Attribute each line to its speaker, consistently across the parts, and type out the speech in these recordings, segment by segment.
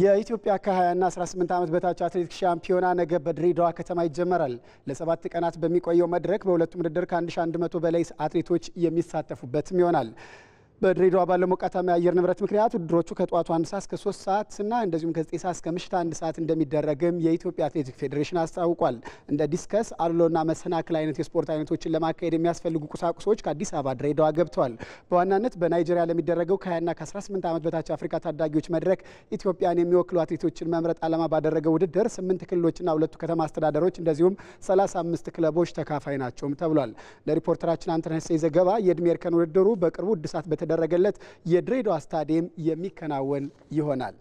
Speaker 1: የኢትዮጵያ ከ20ና 18 ዓመት በታች አትሌቲክስ ሻምፒዮና ነገ በድሬዳዋ ከተማ ይጀመራል። ለሰባት ቀናት በሚቆየው መድረክ በሁለቱም ውድድር ከ1100 በላይ አትሌቶች የሚሳተፉበትም ይሆናል። በድሬዳዋ ባለው ሞቃታማ የአየር ንብረት ምክንያት ውድድሮቹ ከጠዋቱ አንድ ሰዓት እስከ ሶስት ሰዓት እና እንደዚሁም ከዘጠኝ ሰዓት እስከ ምሽት አንድ ሰዓት እንደሚደረግም የኢትዮጵያ አትሌቲክ ፌዴሬሽን አስታውቋል። እንደ ዲስከስ፣ አሎና መሰናክል አይነት የስፖርት አይነቶችን ለማካሄድ የሚያስፈልጉ ቁሳቁሶች ከአዲስ አበባ ድሬዳዋ ገብተዋል። በዋናነት በናይጄሪያ ለሚደረገው ከ20ና ከ18 ዓመት በታች አፍሪካ ታዳጊዎች መድረክ ኢትዮጵያን የሚወክሉ አትሌቶችን መምረጥ ዓላማ ባደረገው ውድድር ስምንት ክልሎችና ሁለቱ ከተማ አስተዳደሮች እንደዚሁም 35 ክለቦች ተካፋይ ናቸውም ተብሏል። ለሪፖርተራችን አንተነሴ ዘገባ የእድሜ እርከን ውድድሩ በቅርቡ እድሳት በተደረገለት የድሬዳዋ ስታዲየም የሚከናወን ይሆናል።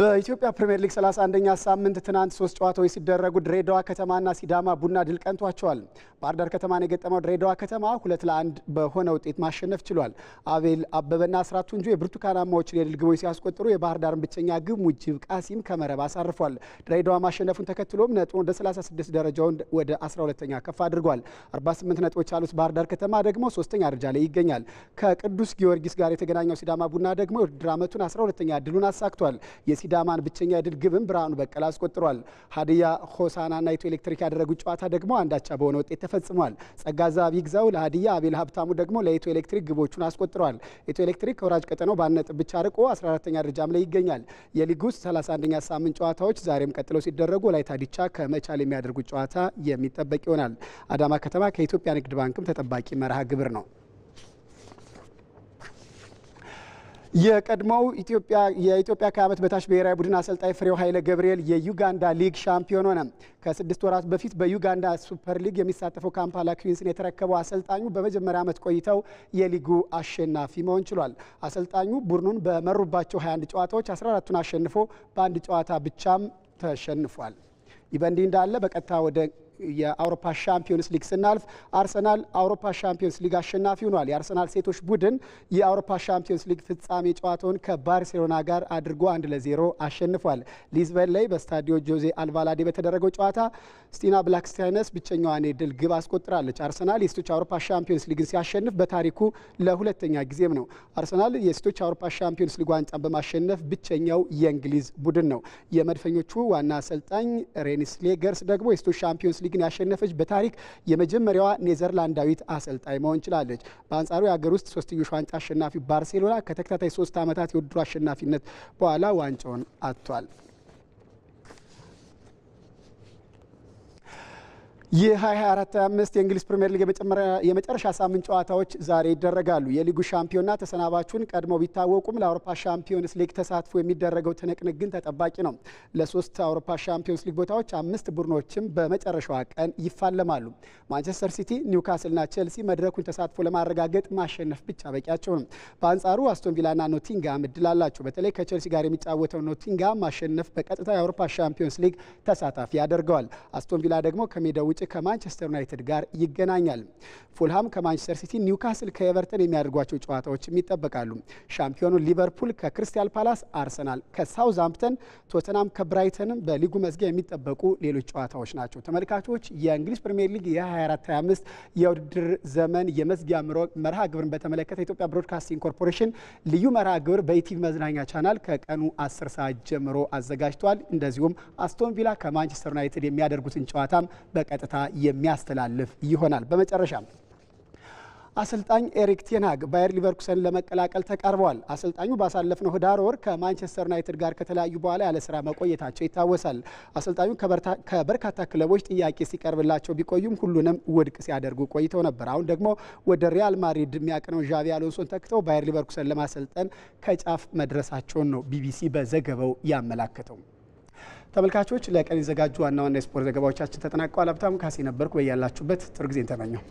Speaker 1: በኢትዮጵያ ፕሪምየር ሊግ 31ኛ ሳምንት ትናንት ሶስት ጨዋታዎች ሲደረጉ ድሬዳዋ ከተማና ሲዳማ ቡና ድል ቀንቷቸዋል። ባህር ዳር ከተማን የገጠመው ድሬዳዋ ከተማ ሁለት ለአንድ በሆነ ውጤት ማሸነፍ ችሏል። አቤል አበበና አስራት ቱንጆ የብርቱካናማዎችን የድል ግቦች ሲያስቆጥሩ የባህር ዳርን ብቸኛ ግብ ሙጅብ ቃሲም ከመረብ አሳርፏል። ድሬዳዋ ማሸነፉን ተከትሎም ነጥቡን ወደ 36 ደረጃውን ወደ 12ኛ ከፍ አድርጓል። 48 ነጥቦች ያሉት ባህር ዳር ከተማ ደግሞ ሶስተኛ ደረጃ ላይ ይገኛል። ከቅዱስ ጊዮርጊስ ጋር የተገናኘው ሲዳማ ቡና ደግሞ የውድድር ዓመቱን 12ኛ ድሉን አሳክቷል። የሲዳማን ብቸኛ የድል ግብም ብርሃኑ በቀለ አስቆጥሯል። ሀዲያ ሆሳናና ኢትዮ ኤሌክትሪክ ያደረጉት ጨዋታ ደግሞ አንዳቻ በሆነ ውጤት ተፈጽሟል። ጸጋ ጸጋዛብ ይግዛው ለሀዲያ፣ አቤል ሀብታሙ ደግሞ ለኢትዮ ኤሌክትሪክ ግቦቹን አስቆጥሯል። ኢትዮ ኤሌክትሪክ ከወራጅ ቀጠናው በአንድ ነጥብ ብቻ ርቆ 14ኛ ደረጃም ላይ ይገኛል። የሊግ ውስጥ 31ኛ ሳምንት ጨዋታዎች ዛሬም ቀጥለው ሲደረጉ ወላይታ ዲቻ ከመቻል የሚያደርጉት ጨዋታ የሚጠበቅ ይሆናል። አዳማ ከተማ ከኢትዮጵያ ንግድ ባንክም ተጠባቂ መርሃ ግብር ነው። የቀድሞው የኢትዮጵያ ከዓመት በታች ብሔራዊ ቡድን አሰልጣኝ ፍሬው ኃይለ ገብርኤል የዩጋንዳ ሊግ ሻምፒዮን ሆነ። ከስድስት ወራት በፊት በዩጋንዳ ሱፐር ሊግ የሚሳተፈው ካምፓላ ኩዊንስን የተረከበው አሰልጣኙ በመጀመሪያ ዓመት ቆይተው የሊጉ አሸናፊ መሆን ችሏል። አሰልጣኙ ቡድኑን በመሩባቸው 21 ጨዋታዎች 14ቱን አሸንፎ በአንድ ጨዋታ ብቻም ተሸንፏል። ይህ በእንዲህ እንዳለ በቀጥታ ወደ የአውሮፓ ሻምፒዮንስ ሊግ ስናልፍ አርሰናል አውሮፓ ሻምፒዮንስ ሊግ አሸናፊ ሆኗል። የአርሰናል ሴቶች ቡድን የአውሮፓ ሻምፒዮንስ ሊግ ፍጻሜ ጨዋታውን ከባርሴሎና ጋር አድርጎ አንድ ለዜሮ አሸንፏል። ሊዝበን ላይ በስታዲዮ ጆዜ አልቫላዴ በተደረገው ጨዋታ ስቲና ብላክስታይነስ ብቸኛዋን የድል ግብ አስቆጥራለች። አርሰናል የሴቶች አውሮፓ ሻምፒዮንስ ሊግን ሲያሸንፍ በታሪኩ ለሁለተኛ ጊዜም ነው። አርሰናል የሴቶች አውሮፓ ሻምፒዮንስ ሊግ ዋንጫን በማሸነፍ ብቸኛው የእንግሊዝ ቡድን ነው። የመድፈኞቹ ዋና አሰልጣኝ ሬኒስ ሌገርስ ደግሞ የሴቶች ሻምፒዮንስ ሊግ ሊግን ያሸነፈች በታሪክ የመጀመሪያዋ ኔዘርላንዳዊት አሰልጣኝ መሆን ችላለች። በአንጻሩ የሀገር ውስጥ ሶስትዮሽ ዋንጫ አሸናፊ ባርሴሎና ከተከታታይ ሶስት ዓመታት የውድድሩ አሸናፊነት በኋላ ዋንጫውን አጥቷል። የ2024 25 የእንግሊዝ ፕሪምየር ሊግ የመጨረሻ ሳምንት ጨዋታዎች ዛሬ ይደረጋሉ። የሊጉ ሻምፒዮና ተሰናባቹን ቀድሞ ቢታወቁም ለአውሮፓ ሻምፒዮንስ ሊግ ተሳትፎ የሚደረገው ትንቅንቅ ግን ተጠባቂ ነው። ለሶስት አውሮፓ ሻምፒዮንስ ሊግ ቦታዎች አምስት ቡድኖችም በመጨረሻዋ ቀን ይፋለማሉ። ማንቸስተር ሲቲ፣ ኒውካስልና ቼልሲ መድረኩን ተሳትፎ ለማረጋገጥ ማሸነፍ ብቻ በቂያቸው ነው። በአንጻሩ አስቶንቪላና ኖቲንጋም እድል አላቸው። በተለይ ከቼልሲ ጋር የሚጫወተው ኖቲንጋም ማሸነፍ በቀጥታ የአውሮፓ ሻምፒዮንስ ሊግ ተሳታፊ ያደርገዋል። አስቶንቪላ ደግሞ ከሜዳው ውጭ ከማንቸስተር ዩናይትድ ጋር ይገናኛል። ፉልሃም ከማንቸስተር ሲቲ፣ ኒውካስል ከኤቨርተን የሚያደርጓቸው ጨዋታዎችም ይጠበቃሉ። ሻምፒዮኑ ሊቨርፑል ከክሪስታል ፓላስ፣ አርሰናል ከሳውዝሃምፕተን፣ ቶተናም ከብራይተንም በሊጉ መዝጊያ የሚጠበቁ ሌሎች ጨዋታዎች ናቸው። ተመልካቾች የእንግሊዝ ፕሪምየር ሊግ የ2425 የውድድር ዘመን የመዝጊያ መርሃ ግብርን በተመለከተ የኢትዮጵያ ብሮድካስቲንግ ኮርፖሬሽን ልዩ መርሃ ግብር በኢቲቪ መዝናኛ ቻናል ከቀኑ 10 ሰዓት ጀምሮ አዘጋጅቷል። እንደዚሁም አስቶን ቪላ ከማንቸስተር ዩናይትድ የሚያደርጉትን ጨዋታም በቀጥታ ቀጥታ የሚያስተላልፍ ይሆናል። በመጨረሻም አሰልጣኝ ኤሪክ ቴንሃግ ባየር ሊቨርኩሰን ለመቀላቀል ተቃርበዋል። አሰልጣኙ ባሳለፍነው ህዳር ወር ከማንቸስተር ዩናይትድ ጋር ከተለያዩ በኋላ ያለ ስራ መቆየታቸው ይታወሳል። አሰልጣኙ ከበርካታ ክለቦች ጥያቄ ሲቀርብላቸው ቢቆዩም ሁሉንም ውድቅ ሲያደርጉ ቆይተው ነበር። አሁን ደግሞ ወደ ሪያል ማድሪድ የሚያቅነው ዣቪ አሎንሶን ተክተው ባየር ሊቨርኩሰን ለማሰልጠን ከጫፍ መድረሳቸውን ነው ቢቢሲ በዘገባው ያመላከተው። ተመልካቾች ለቀን የዘጋጁ ዋና ዋና የስፖርት ዘገባዎቻችን ተጠናቀዋል። ሀብታሙ ካሴ ነበርኩ። በያላችሁበት ጥሩ ጊዜን ተመኘው።